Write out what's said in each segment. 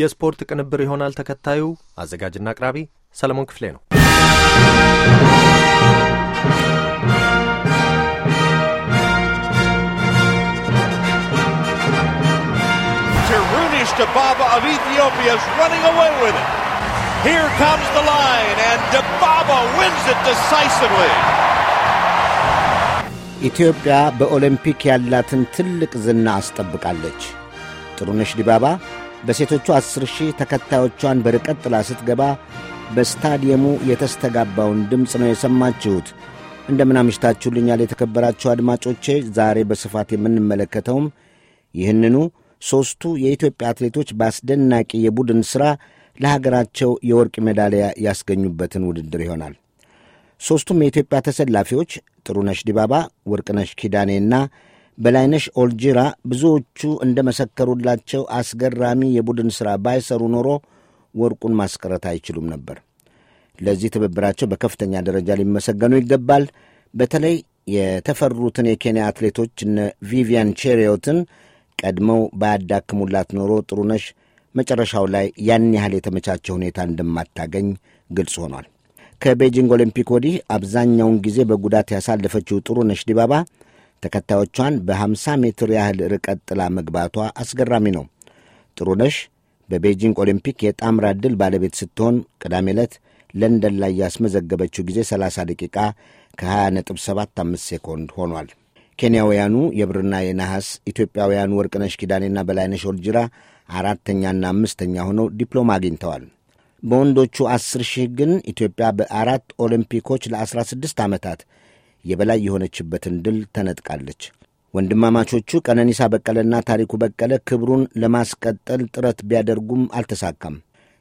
የስፖርት ቅንብር ይሆናል ተከታዩ። አዘጋጅና አቅራቢ ሰለሞን ክፍሌ ነው። Dababa of Ethiopia is running away with it. Here comes the line, and Dababa wins it decisively. ኢትዮጵያ በኦሎምፒክ ያላትን ትልቅ ዝና አስጠብቃለች። ጥሩነሽ ዲባባ በሴቶቹ አስር ሺህ ተከታዮቿን በርቀት ጥላ ስትገባ በስታዲየሙ የተስተጋባውን ድምፅ ነው የሰማችሁት። እንደምን አምሽታችሁልኛል የተከበራችሁ አድማጮቼ። ዛሬ በስፋት የምንመለከተውም ይህንኑ ሦስቱ የኢትዮጵያ አትሌቶች በአስደናቂ የቡድን ሥራ ለሀገራቸው የወርቅ ሜዳሊያ ያስገኙበትን ውድድር ይሆናል። ሦስቱም የኢትዮጵያ ተሰላፊዎች ጥሩነሽ ዲባባ፣ ወርቅነሽ ኪዳኔና በላይነሽ ኦልጂራ ብዙዎቹ እንደ መሰከሩላቸው አስገራሚ የቡድን ሥራ ባይሰሩ ኖሮ ወርቁን ማስቀረት አይችሉም ነበር። ለዚህ ትብብራቸው በከፍተኛ ደረጃ ሊመሰገኑ ይገባል። በተለይ የተፈሩትን የኬንያ አትሌቶች እነ ቪቪያን ቼሪዮትን ቀድመው ባያዳክሙላት ኖሮ ጥሩነሽ መጨረሻው ላይ ያን ያህል የተመቻቸ ሁኔታ እንደማታገኝ ግልጽ ሆኗል። ከቤጂንግ ኦሊምፒክ ወዲህ አብዛኛውን ጊዜ በጉዳት ያሳለፈችው ጥሩነሽ ዲባባ ተከታዮቿን በ50 ሜትር ያህል ርቀት ጥላ መግባቷ አስገራሚ ነው። ጥሩነሽ በቤጂንግ ኦሊምፒክ የጣምራ ዕድል ባለቤት ስትሆን ቅዳሜ ዕለት ለንደን ላይ ያስመዘገበችው ጊዜ 30 ደቂቃ ከ20.75 ሴኮንድ ሆኗል። ኬንያውያኑ የብርና የነሐስ ኢትዮጵያውያኑ ወርቅነሽ ኪዳኔና በላይነሽ ኦልጅራ አራተኛና አምስተኛ ሆነው ዲፕሎማ አግኝተዋል። በወንዶቹ 10 ሺህ ግን ኢትዮጵያ በአራት ኦሊምፒኮች ለ16 ዓመታት የበላይ የሆነችበትን ድል ተነጥቃለች። ወንድማማቾቹ ቀነኒሳ በቀለና ታሪኩ በቀለ ክብሩን ለማስቀጠል ጥረት ቢያደርጉም አልተሳካም።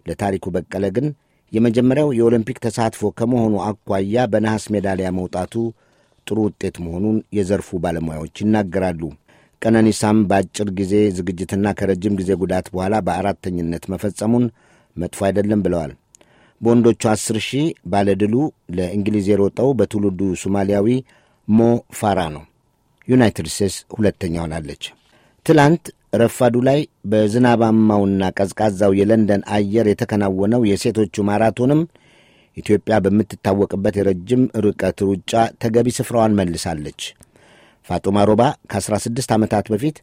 ለታሪኩ በቀለ ግን የመጀመሪያው የኦሎምፒክ ተሳትፎ ከመሆኑ አኳያ በነሐስ ሜዳሊያ መውጣቱ ጥሩ ውጤት መሆኑን የዘርፉ ባለሙያዎች ይናገራሉ። ቀነኒሳም በአጭር ጊዜ ዝግጅትና ከረጅም ጊዜ ጉዳት በኋላ በአራተኝነት መፈጸሙን መጥፎ አይደለም ብለዋል። በወንዶቹ 10 ሺህ ባለድሉ ለእንግሊዝ የሮጠው በትውልዱ ሶማሊያዊ ሞ ፋራ ነው። ዩናይትድ ስቴትስ ሁለተኛ ሆናለች። ትላንት ረፋዱ ላይ በዝናባማውና ቀዝቃዛው የለንደን አየር የተከናወነው የሴቶቹ ማራቶንም ኢትዮጵያ በምትታወቅበት የረጅም ርቀት ሩጫ ተገቢ ስፍራዋን መልሳለች። ፋጡማ ሮባ ከ16 ዓመታት በፊት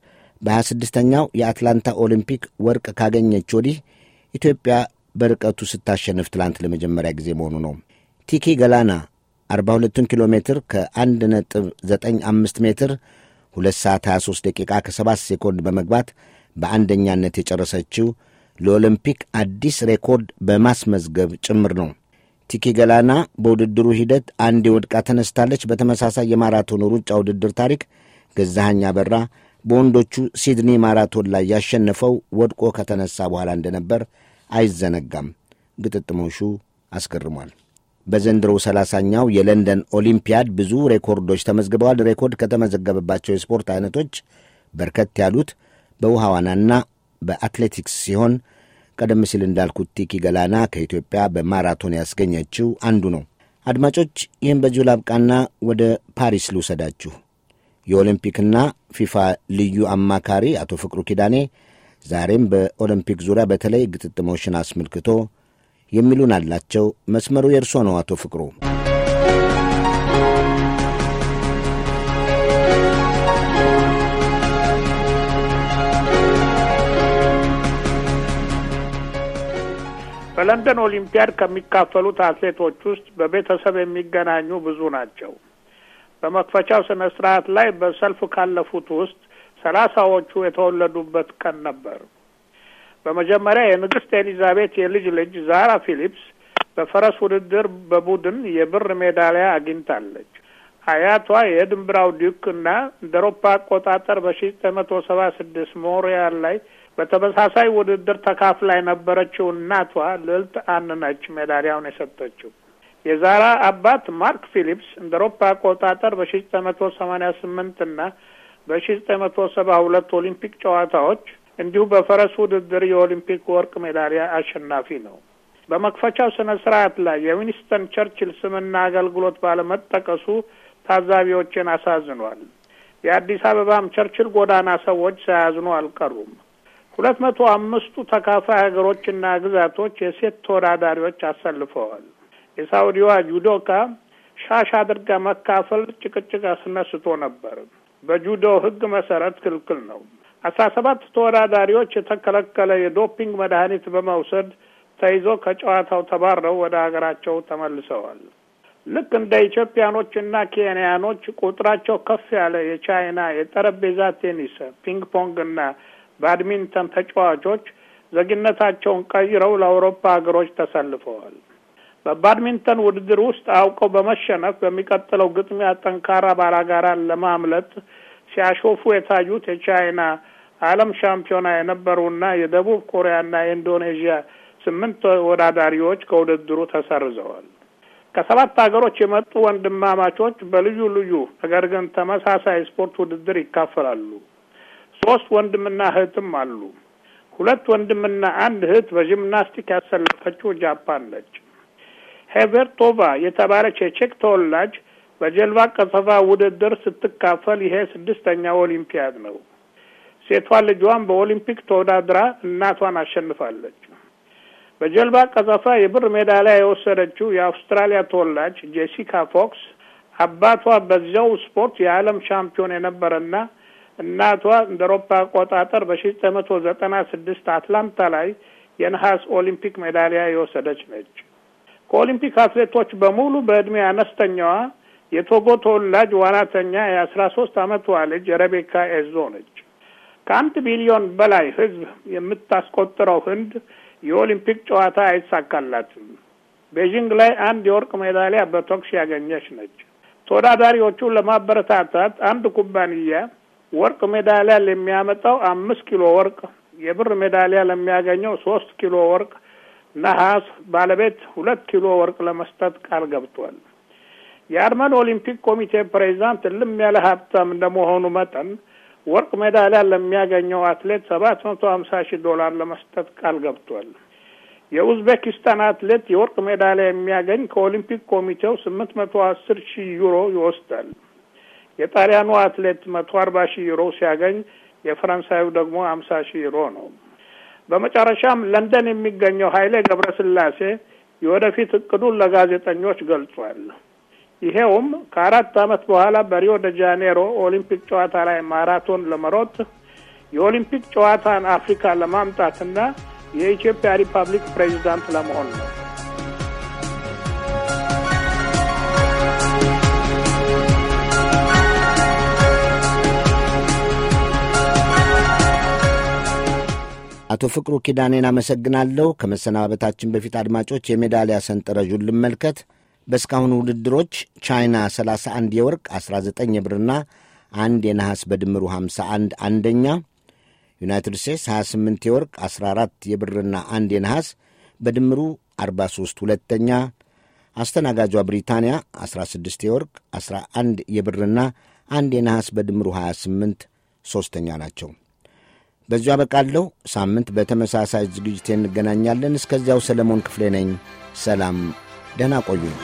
በ26ኛው የአትላንታ ኦሊምፒክ ወርቅ ካገኘች ወዲህ ኢትዮጵያ በርቀቱ ስታሸንፍ ትላንት ለመጀመሪያ ጊዜ መሆኑ ነው። ቲኪ ገላና 42 ኪሎ ሜትር ከ1.95 ሜትር 2 ሰዓት 23 ደቂቃ ከ7 ሴኮንድ በመግባት በአንደኛነት የጨረሰችው ለኦሎምፒክ አዲስ ሬኮርድ በማስመዝገብ ጭምር ነው። ቲኪ ገላና በውድድሩ ሂደት አንድ ወድቃ ተነስታለች። በተመሳሳይ የማራቶን ሩጫ ውድድር ታሪክ ገዛኸኝ አበራ በወንዶቹ ሲድኒ ማራቶን ላይ ያሸነፈው ወድቆ ከተነሳ በኋላ እንደነበር አይዘነጋም። ግጥጥሞሹ አስገርሟል። በዘንድሮው ሰላሳኛው የለንደን ኦሊምፒያድ ብዙ ሬኮርዶች ተመዝግበዋል። ሬኮርድ ከተመዘገበባቸው የስፖርት አይነቶች በርከት ያሉት በውሃ ዋናና በአትሌቲክስ ሲሆን ቀደም ሲል እንዳልኩት ቲኪ ገላና ከኢትዮጵያ በማራቶን ያስገኘችው አንዱ ነው። አድማጮች፣ ይህም በዚሁ ላብቃና ወደ ፓሪስ ልውሰዳችሁ። የኦሊምፒክና ፊፋ ልዩ አማካሪ አቶ ፍቅሩ ኪዳኔ ዛሬም በኦሎምፒክ ዙሪያ በተለይ ግጥጥሞሽን አስመልክቶ የሚሉን አላቸው። መስመሩ የእርሶ ነው አቶ ፍቅሩ። በለንደን ኦሊምፒያድ ከሚካፈሉት አትሌቶች ውስጥ በቤተሰብ የሚገናኙ ብዙ ናቸው። በመክፈቻው ስነ ስርዓት ላይ በሰልፍ ካለፉት ውስጥ ሰላሳዎቹ የተወለዱበት ቀን ነበር። በመጀመሪያ የንግስት ኤሊዛቤት የልጅ ልጅ ዛራ ፊሊፕስ በፈረስ ውድድር በቡድን የብር ሜዳሊያ አግኝታለች። አያቷ የድንብራው ዲክ እና እንደ አቆጣጠር በሺ ዘጠኝ መቶ ሰባ ስድስት ሞሪያል ላይ በተመሳሳይ ውድድር ተካፍላ የነበረችው እናቷ ልዕልት አን ነች ሜዳሊያውን የሰጠችው። የዛራ አባት ማርክ ፊሊፕስ እንደ ሮፓ አቆጣጠር በሺ ዘጠኝ መቶ ሰማኒያ ስምንት እና በ ሁለት ኦሊምፒክ ጨዋታዎች እንዲሁ በፈረስ ውድድር የኦሊምፒክ ወርቅ ሜዳሊያ አሸናፊ ነው። በመክፈቻው ስነ ስርዓት ላይ የዊንስተን ቸርችል ስምና አገልግሎት ባለመጠቀሱ ታዛቢዎችን አሳዝኗል። የአዲስ አበባም ቸርችል ጎዳና ሰዎች ሳያዝኑ አልቀሩም። ሁለት መቶ አምስቱ ተካፋይ ሀገሮችና ግዛቶች የሴት ተወዳዳሪዎች አሰልፈዋል። የሳውዲዋ ጁዶካ ሻሽ አድርጋ መካፈል ጭቅጭቅ አስነስቶ ነበር። በጁዶ ሕግ መሰረት ክልክል ነው። አስራ ሰባት ተወዳዳሪዎች የተከለከለ የዶፒንግ መድኃኒት በመውሰድ ተይዞ ከጨዋታው ተባረው ወደ ሀገራቸው ተመልሰዋል። ልክ እንደ ኢትዮጵያኖችና ኬንያኖች ቁጥራቸው ከፍ ያለ የቻይና የጠረጴዛ ቴኒስ፣ ፒንግ ፖንግ እና ባድሚንተን ተጫዋቾች ዜግነታቸውን ቀይረው ለአውሮፓ ሀገሮች ተሰልፈዋል። በባድሚንተን ውድድር ውስጥ አውቀው በመሸነፍ በሚቀጥለው ግጥሚያ ጠንካራ ባላጋራን ለማምለጥ ሲያሾፉ የታዩት የቻይና ዓለም ሻምፒዮና የነበሩና የደቡብ ኮሪያና የኢንዶኔዥያ ስምንት ተወዳዳሪዎች ከውድድሩ ተሰርዘዋል። ከሰባት ሀገሮች የመጡ ወንድማማቾች በልዩ ልዩ ነገር ግን ተመሳሳይ ስፖርት ውድድር ይካፈላሉ። ሶስት ወንድምና እህትም አሉ። ሁለት ወንድምና አንድ እህት በጂምናስቲክ ያሰለፈችው ጃፓን ነች። ሄቨርቶቫ የተባለች የቼክ ተወላጅ በጀልባ ቀዘፋ ውድድር ስትካፈል ይሄ ስድስተኛ ኦሊምፒያድ ነው። ሴቷ ልጇን በኦሊምፒክ ተወዳድራ እናቷን አሸንፋለች። በጀልባ ቀዘፋ የብር ሜዳሊያ የወሰደችው የአውስትራሊያ ተወላጅ ጄሲካ ፎክስ አባቷ በዚያው ስፖርት የዓለም ሻምፒዮን የነበረና እናቷ እንደ አውሮፓ አቆጣጠር በሺ ዘጠኝ መቶ ዘጠና ስድስት አትላንታ ላይ የነሐስ ኦሊምፒክ ሜዳሊያ የወሰደች ነች። ከኦሊምፒክ አትሌቶች በሙሉ በእድሜ አነስተኛዋ የቶጎ ተወላጅ ዋናተኛ የአስራ ሶስት አመቷ ልጅ ረቤካ ኤዞ ነች። ከአንድ ቢሊዮን በላይ ህዝብ የምታስቆጥረው ህንድ የኦሊምፒክ ጨዋታ አይሳካላትም። ቤዥንግ ላይ አንድ የወርቅ ሜዳሊያ በቶክስ ያገኘች ነች። ተወዳዳሪዎቹ ለማበረታታት አንድ ኩባንያ ወርቅ ሜዳሊያ ለሚያመጣው አምስት ኪሎ ወርቅ፣ የብር ሜዳሊያ ለሚያገኘው ሶስት ኪሎ ወርቅ ነሐስ ባለቤት ሁለት ኪሎ ወርቅ ለመስጠት ቃል ገብቷል። የአርመን ኦሊምፒክ ኮሚቴ ፕሬዚዳንት እልም ያለ ሀብታም እንደመሆኑ መጠን ወርቅ ሜዳሊያ ለሚያገኘው አትሌት ሰባት መቶ ሀምሳ ሺህ ዶላር ለመስጠት ቃል ገብቷል። የኡዝቤኪስታን አትሌት የወርቅ ሜዳሊያ የሚያገኝ ከኦሊምፒክ ኮሚቴው ስምንት መቶ አስር ሺህ ዩሮ ይወስዳል። የጣሊያኑ አትሌት መቶ አርባ ሺህ ዩሮ ሲያገኝ የፈረንሳዩ ደግሞ ሀምሳ ሺህ ዩሮ ነው። በመጨረሻም ለንደን የሚገኘው ኃይሌ ገብረስላሴ የወደፊት እቅዱን ለጋዜጠኞች ገልጿል። ይሄውም ከአራት ዓመት በኋላ በሪዮ ደ ጃኔሮ ኦሊምፒክ ጨዋታ ላይ ማራቶን ለመሮጥ የኦሊምፒክ ጨዋታን አፍሪካ ለማምጣትና የኢትዮጵያ ሪፐብሊክ ፕሬዚዳንት ለመሆን ነው። አቶ ፍቅሩ ኪዳኔን አመሰግናለሁ። ከመሰናበታችን በፊት አድማጮች የሜዳሊያ ሰንጠረዡን ልመልከት። በእስካሁኑ ውድድሮች ቻይና 31 የወርቅ 19 የብርና አንድ የነሐስ በድምሩ 51 አንደኛ፣ ዩናይትድ ስቴትስ 28 የወርቅ 14 የብርና አንድ የነሐስ በድምሩ 43 ሁለተኛ፣ አስተናጋጇ ብሪታንያ 16 የወርቅ 11 የብርና አንድ የነሐስ በድምሩ 28 ሦስተኛ ናቸው። በዚሁ አበቃለሁ። ሳምንት በተመሳሳይ ዝግጅት እንገናኛለን። እስከዚያው ሰለሞን ክፍሌ ነኝ። ሰላም፣ ደህና ቆዩኝ።